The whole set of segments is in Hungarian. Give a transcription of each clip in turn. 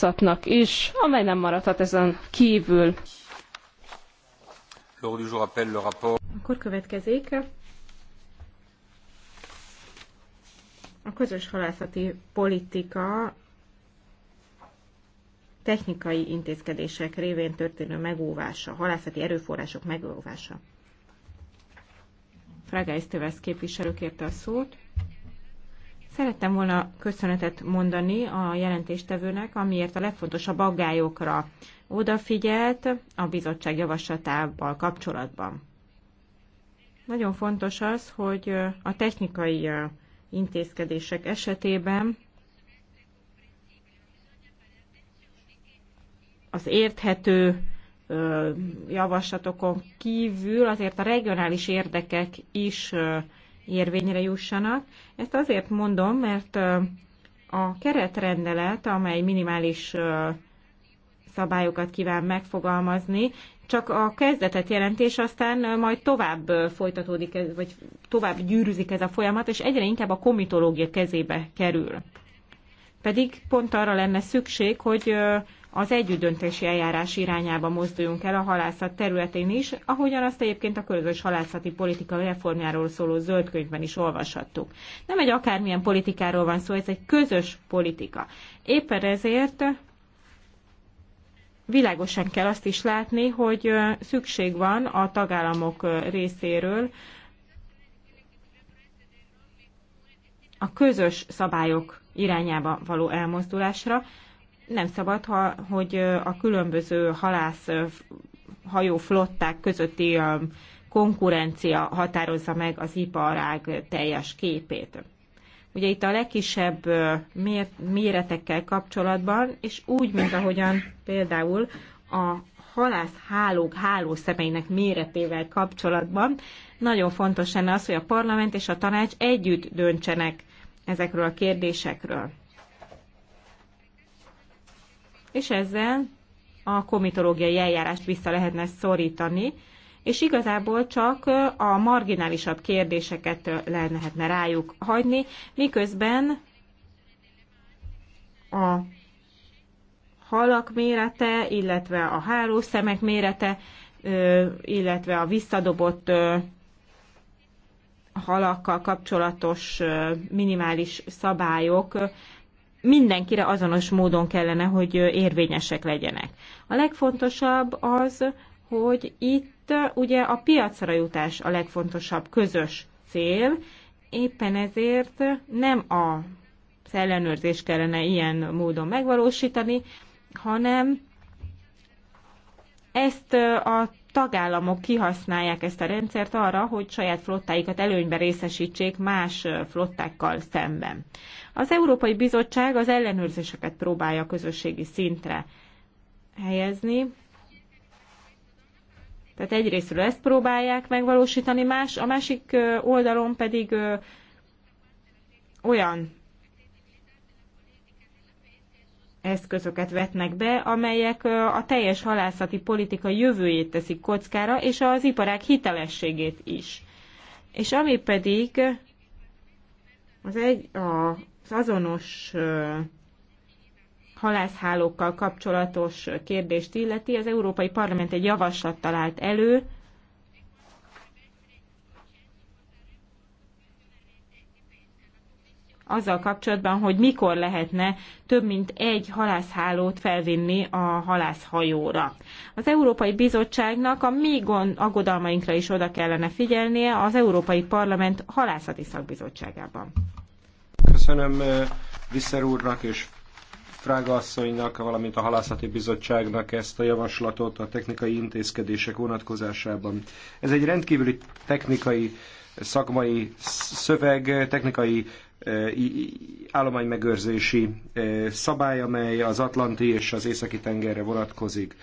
látszatnak is, amely nem maradhat ezen kívül. Akkor következik a közös halászati politika technikai intézkedések révén történő megóvása, halászati erőforrások megóvása. Fragály Stövesz képviselő kérte a szót. Szerettem volna köszönetet mondani a jelentéstevőnek, amiért a legfontosabb aggályokra odafigyelt a bizottság javaslatával kapcsolatban. Nagyon fontos az, hogy a technikai intézkedések esetében az érthető javaslatokon kívül azért a regionális érdekek is érvényre jussanak. Ezt azért mondom, mert a keretrendelet, amely minimális szabályokat kíván megfogalmazni, csak a kezdetet jelentés, aztán majd tovább folytatódik, vagy tovább gyűrűzik ez a folyamat, és egyre inkább a komitológia kezébe kerül. Pedig pont arra lenne szükség, hogy az együttdöntési eljárás irányába mozduljunk el a halászat területén is, ahogyan azt egyébként a közös halászati politika reformjáról szóló zöld könyvben is olvashattuk. Nem egy akármilyen politikáról van szó, ez egy közös politika. Éppen ezért világosan kell azt is látni, hogy szükség van a tagállamok részéről a közös szabályok irányába való elmozdulásra, nem szabad, ha, hogy a különböző halász hajó flották közötti konkurencia határozza meg az iparág teljes képét. Ugye itt a legkisebb méretekkel kapcsolatban, és úgy, mint ahogyan például a hálók hálószemeinek méretével kapcsolatban, nagyon fontos lenne az, hogy a parlament és a tanács együtt döntsenek ezekről a kérdésekről és ezzel a komitológiai eljárást vissza lehetne szorítani, és igazából csak a marginálisabb kérdéseket lehetne rájuk hagyni, miközben a halak mérete, illetve a hálószemek mérete, illetve a visszadobott halakkal kapcsolatos minimális szabályok mindenkire azonos módon kellene, hogy érvényesek legyenek. A legfontosabb az, hogy itt ugye a piacra jutás a legfontosabb közös cél, éppen ezért nem a ellenőrzés kellene ilyen módon megvalósítani, hanem ezt a tagállamok kihasználják ezt a rendszert arra, hogy saját flottáikat előnybe részesítsék más flottákkal szemben. Az Európai Bizottság az ellenőrzéseket próbálja közösségi szintre helyezni, tehát egyrésztről ezt próbálják megvalósítani, más, a másik oldalon pedig olyan eszközöket vetnek be, amelyek a teljes halászati politika jövőjét teszik kockára, és az iparák hitelességét is. És ami pedig az, egy, az azonos halászhálókkal kapcsolatos kérdést illeti, az Európai Parlament egy javaslat talált elő, azzal kapcsolatban, hogy mikor lehetne több mint egy halászhálót felvinni a halászhajóra. Az Európai Bizottságnak a mi gond, aggodalmainkra is oda kellene figyelnie az Európai Parlament halászati szakbizottságában. Köszönöm eh, Visszer úrnak és Frága asszonynak, valamint a halászati bizottságnak ezt a javaslatot a technikai intézkedések vonatkozásában. Ez egy rendkívüli technikai szakmai szöveg, technikai állománymegőrzési szabály, amely az Atlanti és az Északi tengerre vonatkozik.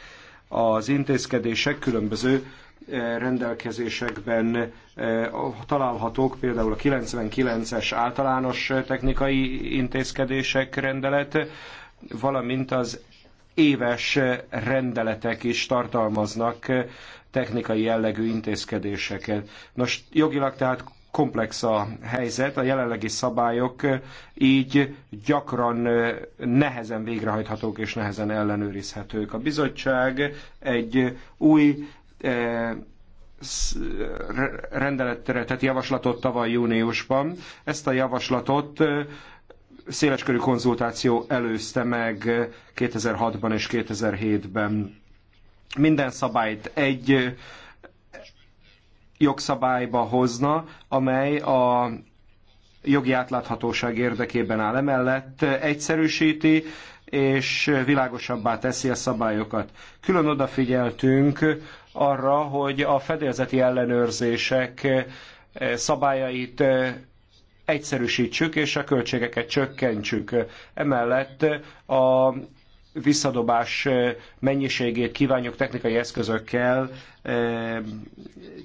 Az intézkedések különböző rendelkezésekben találhatók, például a 99-es általános technikai intézkedések rendelet, valamint az éves rendeletek is tartalmaznak technikai jellegű intézkedéseket. Nos, jogilag tehát komplex a helyzet, a jelenlegi szabályok így gyakran nehezen végrehajthatók és nehezen ellenőrizhetők. A bizottság egy új rendeletre tett javaslatot tavaly júniusban. Ezt a javaslatot széleskörű konzultáció előzte meg 2006-ban és 2007-ben. Minden szabályt egy jogszabályba hozna, amely a jogi átláthatóság érdekében áll. Emellett egyszerűsíti és világosabbá teszi a szabályokat. Külön odafigyeltünk arra, hogy a fedélzeti ellenőrzések szabályait egyszerűsítsük és a költségeket csökkentsük. Emellett a visszadobás eh, mennyiségét kívánjuk technikai eszközökkel eh,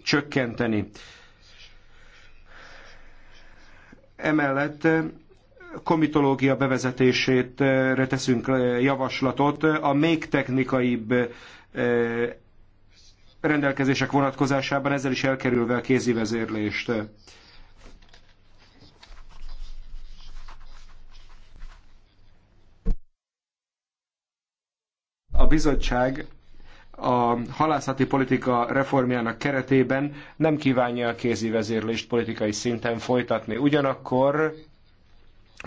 csökkenteni. Emellett eh, komitológia bevezetését teszünk javaslatot a még technikaibb rendelkezések vonatkozásában, ezzel is elkerülve a kézi vezérlést. bizottság a halászati politika reformjának keretében nem kívánja a kézi vezérlést politikai szinten folytatni. Ugyanakkor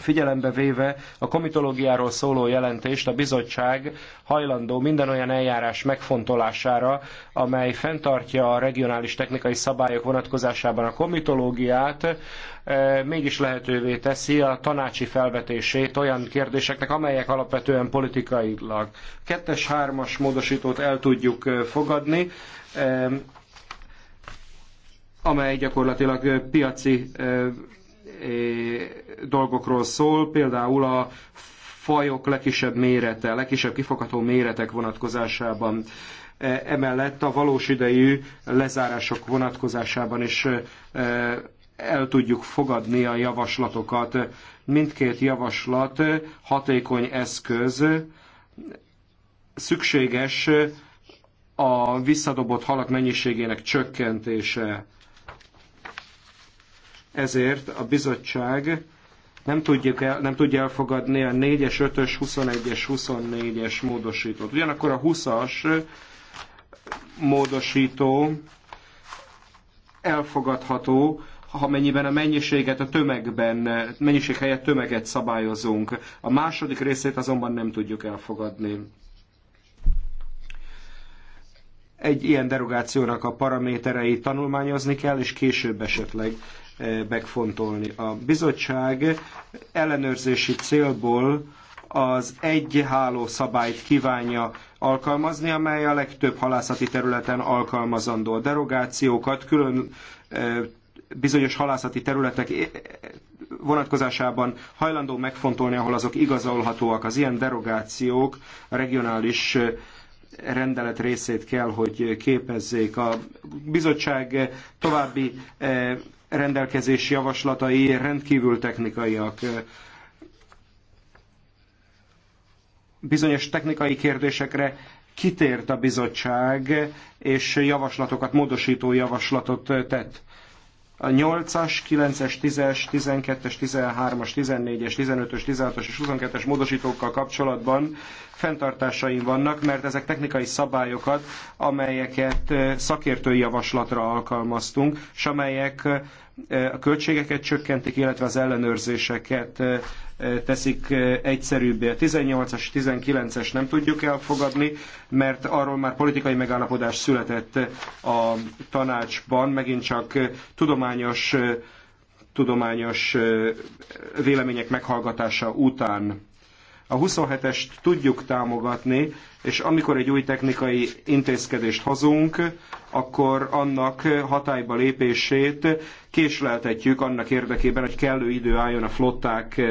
Figyelembe véve a komitológiáról szóló jelentést a bizottság hajlandó minden olyan eljárás megfontolására, amely fenntartja a regionális technikai szabályok vonatkozásában a komitológiát, e, mégis lehetővé teszi a tanácsi felvetését olyan kérdéseknek, amelyek alapvetően politikailag. Kettes-hármas módosítót el tudjuk e, fogadni e, amely gyakorlatilag piaci Eh, dolgokról szól, például a fajok legkisebb mérete, legkisebb kifogható méretek vonatkozásában eh, emellett a valós idejű lezárások vonatkozásában is eh, el tudjuk fogadni a javaslatokat. Mindkét javaslat hatékony eszköz, szükséges a visszadobott halak mennyiségének csökkentése ezért a bizottság nem, tudjuk el, nem tudja elfogadni a 4-es, 5-ös, 21-es, 24-es módosítót. Ugyanakkor a 20-as módosító elfogadható, ha mennyiben a mennyiséget a tömegben, mennyiség helyett tömeget szabályozunk. A második részét azonban nem tudjuk elfogadni. Egy ilyen derogációnak a paramétereit tanulmányozni kell, és később esetleg megfontolni. A bizottság ellenőrzési célból az egy háló szabályt kívánja alkalmazni, amely a legtöbb halászati területen alkalmazandó. A derogációkat külön bizonyos halászati területek vonatkozásában hajlandó megfontolni, ahol azok igazolhatóak. Az ilyen derogációk a regionális rendelet részét kell, hogy képezzék. A bizottság további rendelkezés javaslatai rendkívül technikaiak. Bizonyos technikai kérdésekre kitért a bizottság, és javaslatokat, módosító javaslatot tett a 8-as, 9-es, 10-es, 12-es, 13-as, 14-es, 15-ös, 16-os és 22-es módosítókkal kapcsolatban fenntartásaim vannak, mert ezek technikai szabályokat, amelyeket szakértői javaslatra alkalmaztunk, és amelyek a költségeket csökkentik, illetve az ellenőrzéseket teszik eh, egyszerűbbé. A 18-as, 19-es nem tudjuk elfogadni, mert arról már politikai megállapodás született a tanácsban, megint csak eh, tudományos, eh, tudományos vélemények meghallgatása után. A 27-est tudjuk támogatni, és amikor egy új technikai intézkedést hozunk, akkor annak hatályba lépését késleltetjük annak érdekében, hogy kellő idő álljon a flották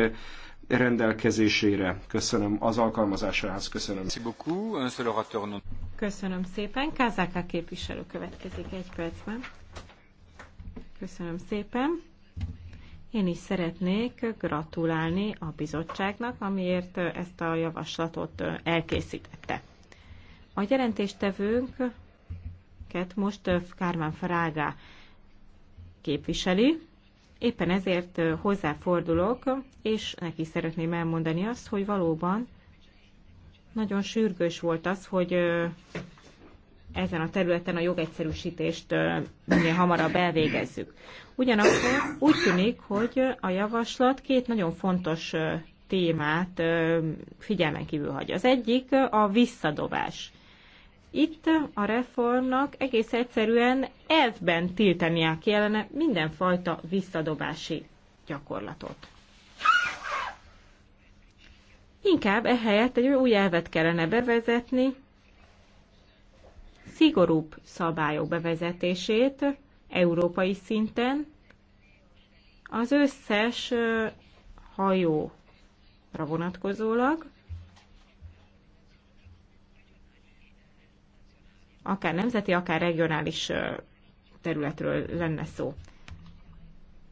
rendelkezésére. Köszönöm az alkalmazásához, köszönöm. Köszönöm szépen. Kázáká képviselő következik egy percben. Köszönöm szépen. Én is szeretnék gratulálni a bizottságnak, amiért ezt a javaslatot elkészítette. A jelentéstevőnket most Kármán Frágá képviseli, Éppen ezért hozzáfordulok, és neki szeretném elmondani azt, hogy valóban nagyon sürgős volt az, hogy ezen a területen a jogegyszerűsítést minél hamarabb elvégezzük. Ugyanakkor úgy tűnik, hogy a javaslat két nagyon fontos témát figyelmen kívül hagy. Az egyik a visszadobás. Itt a reformnak egész egyszerűen elfben tiltania kellene mindenfajta visszadobási gyakorlatot. Inkább ehelyett egy új elvet kellene bevezetni, szigorúbb szabályok bevezetését európai szinten az összes hajóra vonatkozólag, akár nemzeti, akár regionális területről lenne szó.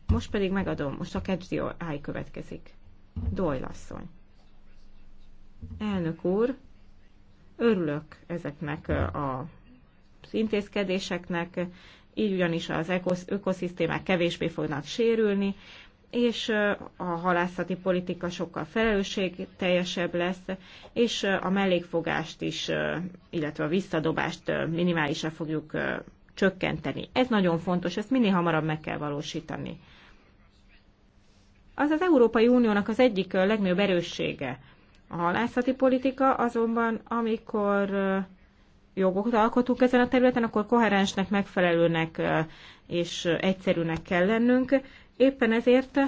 Most pedig megadom, most a áj következik. Doyle asszony. Elnök úr, örülök ezeknek a az intézkedéseknek, így ugyanis az ökoszisztémák kevésbé fognak sérülni, és a halászati politika sokkal felelősségteljesebb lesz, és a mellékfogást is, illetve a visszadobást minimálisra fogjuk csökkenteni. Ez nagyon fontos, ezt minél hamarabb meg kell valósítani. Az az Európai Uniónak az egyik legnagyobb erőssége. A halászati politika azonban, amikor jogokat alkotunk ezen a területen, akkor koherensnek, megfelelőnek és egyszerűnek kell lennünk, Éppen ezért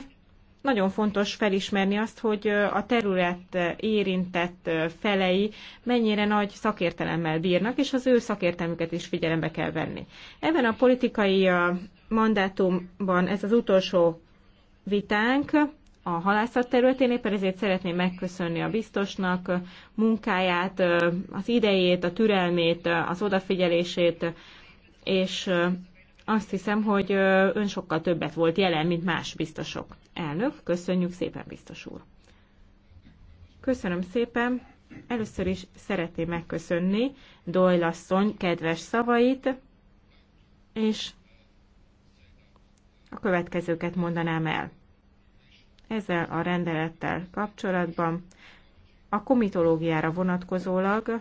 nagyon fontos felismerni azt, hogy a terület érintett felei mennyire nagy szakértelemmel bírnak, és az ő szakértelmüket is figyelembe kell venni. Ebben a politikai mandátumban ez az utolsó vitánk a halászat területén, éppen ezért szeretném megköszönni a biztosnak munkáját, az idejét, a türelmét, az odafigyelését, és azt hiszem, hogy ön sokkal többet volt jelen, mint más biztosok. Elnök, köszönjük szépen, biztos úr. Köszönöm szépen. Először is szeretném megköszönni Doyle asszony kedves szavait, és a következőket mondanám el. Ezzel a rendelettel kapcsolatban a komitológiára vonatkozólag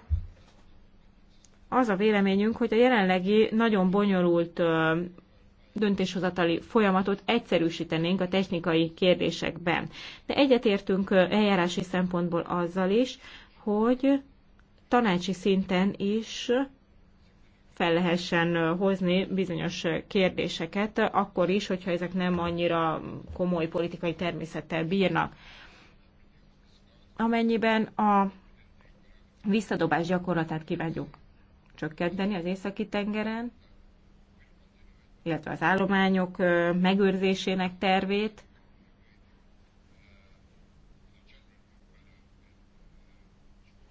az a véleményünk, hogy a jelenlegi nagyon bonyolult döntéshozatali folyamatot egyszerűsítenénk a technikai kérdésekben. De egyetértünk eljárási szempontból azzal is, hogy tanácsi szinten is fel lehessen hozni bizonyos kérdéseket, akkor is, hogyha ezek nem annyira komoly politikai természettel bírnak. Amennyiben a visszadobás gyakorlatát kívánjuk csökkenteni az északi tengeren, illetve az állományok megőrzésének tervét.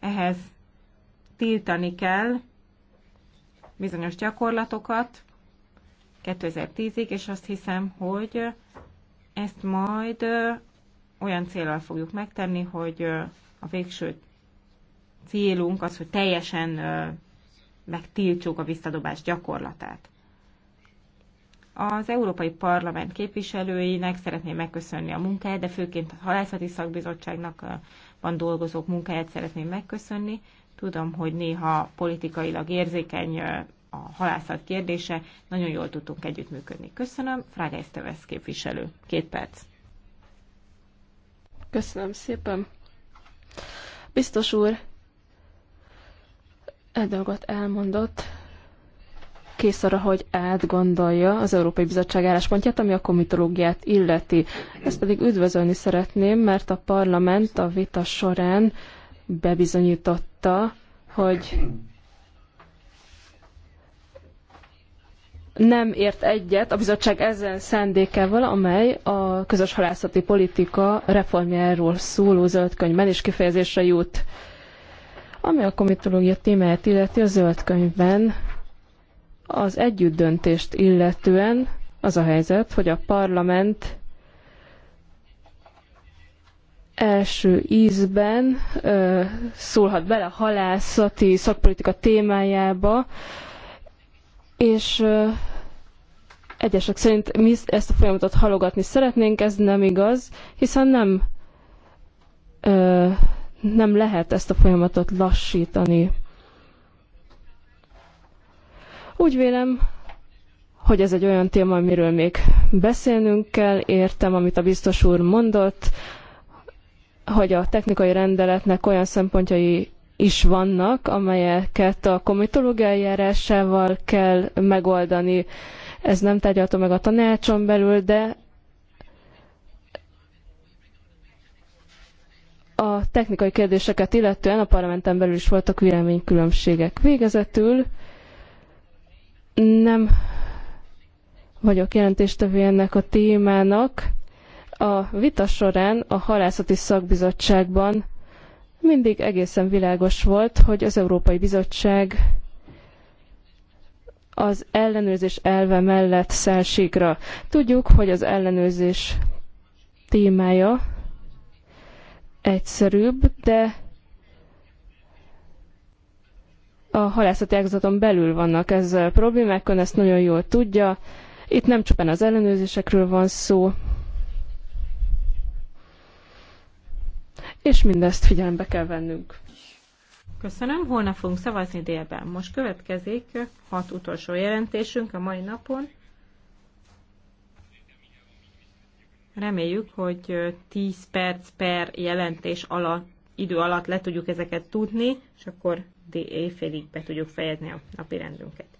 Ehhez tiltani kell bizonyos gyakorlatokat 2010-ig, és azt hiszem, hogy ezt majd olyan célral fogjuk megtenni, hogy a végső célunk az, hogy teljesen tiltsuk a visszadobás gyakorlatát. Az Európai Parlament képviselőinek szeretném megköszönni a munkáját, de főként a Halászati Szakbizottságnak van dolgozók munkáját szeretném megköszönni. Tudom, hogy néha politikailag érzékeny a halászat kérdése, nagyon jól tudtunk együttműködni. Köszönöm, Frága Esztevesz képviselő. Két perc. Köszönöm szépen. Biztos úr, egy dolgot elmondott, kész arra, hogy átgondolja az Európai Bizottság álláspontját, ami a komitológiát illeti. Ezt pedig üdvözölni szeretném, mert a parlament a vita során bebizonyította, hogy nem ért egyet a bizottság ezen szándékával, amely a közös halászati politika reformjáról szóló zöldkönyvben is kifejezésre jut. Ami a komitológia témáját illeti a zöld könyvben, az együttdöntést illetően az a helyzet, hogy a parlament első ízben ö, szólhat bele a halászati szakpolitika témájába, és ö, egyesek szerint mi ezt a folyamatot halogatni szeretnénk, ez nem igaz, hiszen nem ö, nem lehet ezt a folyamatot lassítani. Úgy vélem, hogy ez egy olyan téma, amiről még beszélnünk kell. Értem, amit a biztos úr mondott, hogy a technikai rendeletnek olyan szempontjai is vannak, amelyeket a komitológiai eljárásával kell megoldani. Ez nem tárgyalta meg a tanácson belül, de A technikai kérdéseket illetően a parlamenten belül is voltak véleménykülönbségek. Végezetül nem vagyok jelentéstevő ennek a témának. A vita során a halászati szakbizottságban mindig egészen világos volt, hogy az Európai Bizottság az ellenőrzés elve mellett száll Tudjuk, hogy az ellenőrzés témája egyszerűbb, de a halászati ágazaton belül vannak ezzel problémák, ön ezt nagyon jól tudja. Itt nem csupán az ellenőrzésekről van szó, és mindezt figyelembe kell vennünk. Köszönöm, holnap fogunk szavazni délben. Most következik hat utolsó jelentésünk a mai napon. Reméljük, hogy 10 perc per jelentés alatt, idő alatt le tudjuk ezeket tudni, és akkor éjfélig be tudjuk fejezni a rendünket.